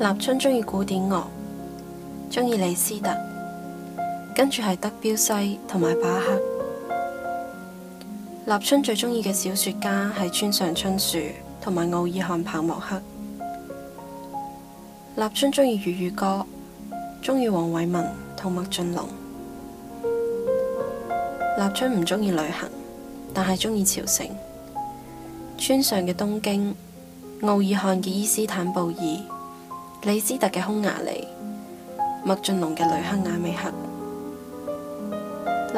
立春中意古典樂，中意李斯特，跟住係德彪西同埋巴赫。立春最中意嘅小說家係村上春樹同埋奧爾罕帕慕克。立春中意粵語歌，中意黃偉文同麥浚龍。立春唔中意旅行，但係中意朝聖。村上嘅東京，奧爾罕嘅伊斯坦布爾。李斯特嘅《匈牙利》，麥浚龍嘅《雷克雅未克》，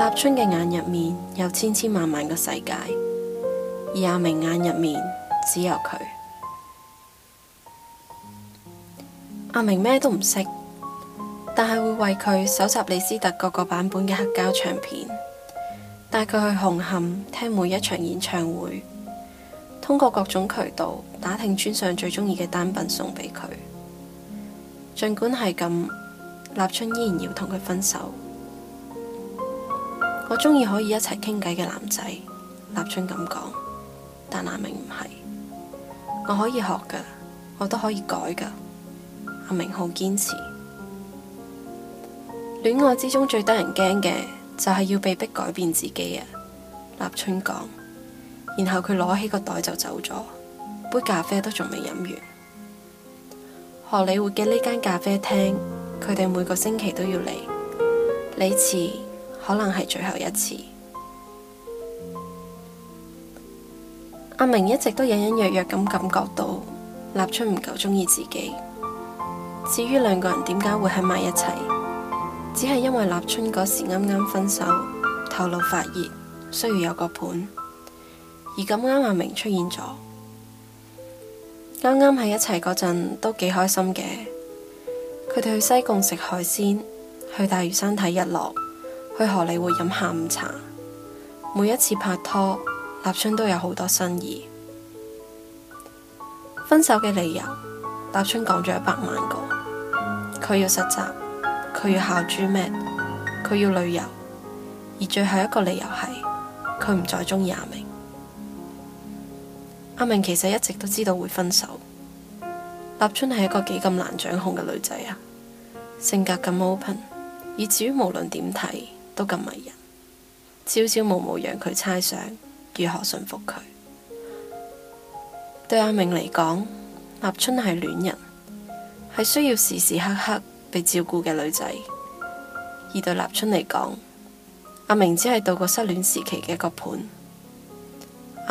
立春嘅眼入面有千千萬萬個世界，而阿明眼入面只有佢。阿明咩都唔識，但係會為佢搜集李斯特各個版本嘅黑膠唱片，帶佢去紅磡聽每一場演唱會，通過各種渠道打聽村上最中意嘅單品送畀佢。儘管係咁，立春依然要同佢分手。我鍾意可以一齊傾偈嘅男仔，立春咁講，但阿明唔係。我可以學噶，我都可以改噶。阿明好堅持。戀愛之中最得人驚嘅就係要被逼改變自己啊！立春講，然後佢攞起個袋就走咗，杯咖啡都仲未飲完。荷里活嘅呢間咖啡廳，佢哋每個星期都要嚟，呢次可能係最後一次。阿明一直都隱隱約約咁感覺到立春唔夠鍾意自己。至於兩個人點解會喺埋一齊，只係因為立春嗰時啱啱分手，頭腦發熱，需要有個伴，而咁啱阿明出現咗。啱啱喺一齊嗰陣都幾開心嘅，佢哋去西貢食海鮮，去大嶼山睇日落，去荷里活飲下午茶，每一次拍拖，立春都有好多新意。分手嘅理由，立春講咗一百萬個，佢要實習，佢要考 GMA，佢要旅遊，而最後一個理由係佢唔再中意阿明。阿明其實一直都知道會分手。立春係一個幾咁難掌控嘅女仔啊，性格咁 open，以至於無論點睇都咁迷人，朝朝暮暮讓佢猜想如何馴服佢。對阿明嚟講，立春係戀人，係需要時時刻刻被照顧嘅女仔；而對立春嚟講，阿明只係度過失戀時期嘅一個伴。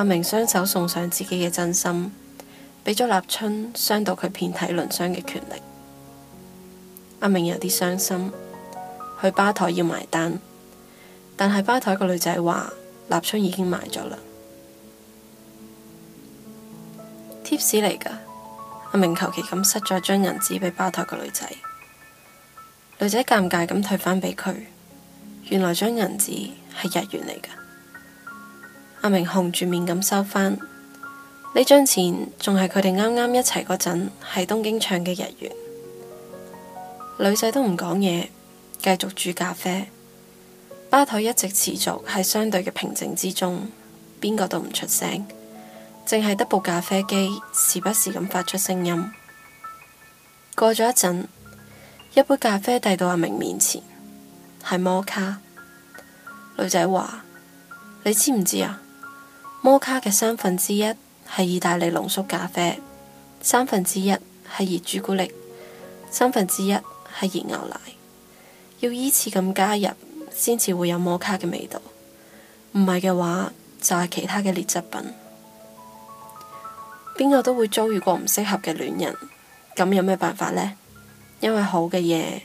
阿明雙手送上自己嘅真心，俾咗立春傷到佢遍體鱗傷嘅權力。阿明有啲傷心，去吧台要埋單，但係吧台個女仔話立春已經埋咗啦。貼士嚟噶，阿明求其咁塞咗張銀紙俾吧台個女仔，女仔尷尬咁退翻俾佢，原來張銀紙係日元嚟噶。阿明紅住面咁收翻呢張錢剛剛，仲係佢哋啱啱一齊嗰陣喺東京唱嘅日元。女仔都唔講嘢，繼續煮咖啡。吧台一直持續喺相對嘅平靜之中，邊個都唔出聲，淨係得部咖啡機時不時咁發出聲音。過咗一陣，一杯咖啡遞到阿明面前，係摩卡。女仔話：你知唔知啊？摩卡嘅三分之一係意大利濃縮咖啡，三分之一係熱朱古力，三分之一係熱牛奶，要依次咁加入，先至會有摩卡嘅味道。唔係嘅話就係其他嘅劣質品。邊個都會遭遇過唔適合嘅戀人，咁有咩辦法呢？因為好嘅嘢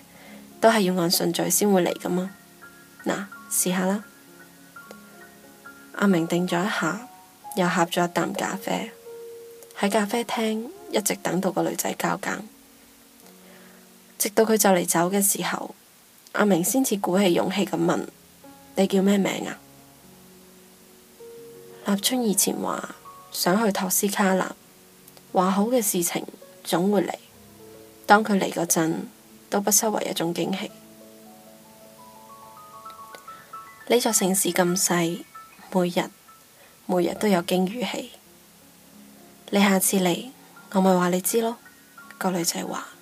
都係要按順序先會嚟噶嘛。嗱，試下啦。阿明定咗一下。又呷咗一啖咖啡，喺咖啡廳一直等到個女仔交更，直到佢就嚟走嘅時候，阿明先至鼓起勇氣咁問：你叫咩名啊？立春以前話想去托斯卡納，話好嘅事情總會嚟，當佢嚟嗰陣，都不失為一種驚喜。呢座城市咁細，每日。每日都有驚喜，你下次嚟，我咪話你知咯。個女仔話。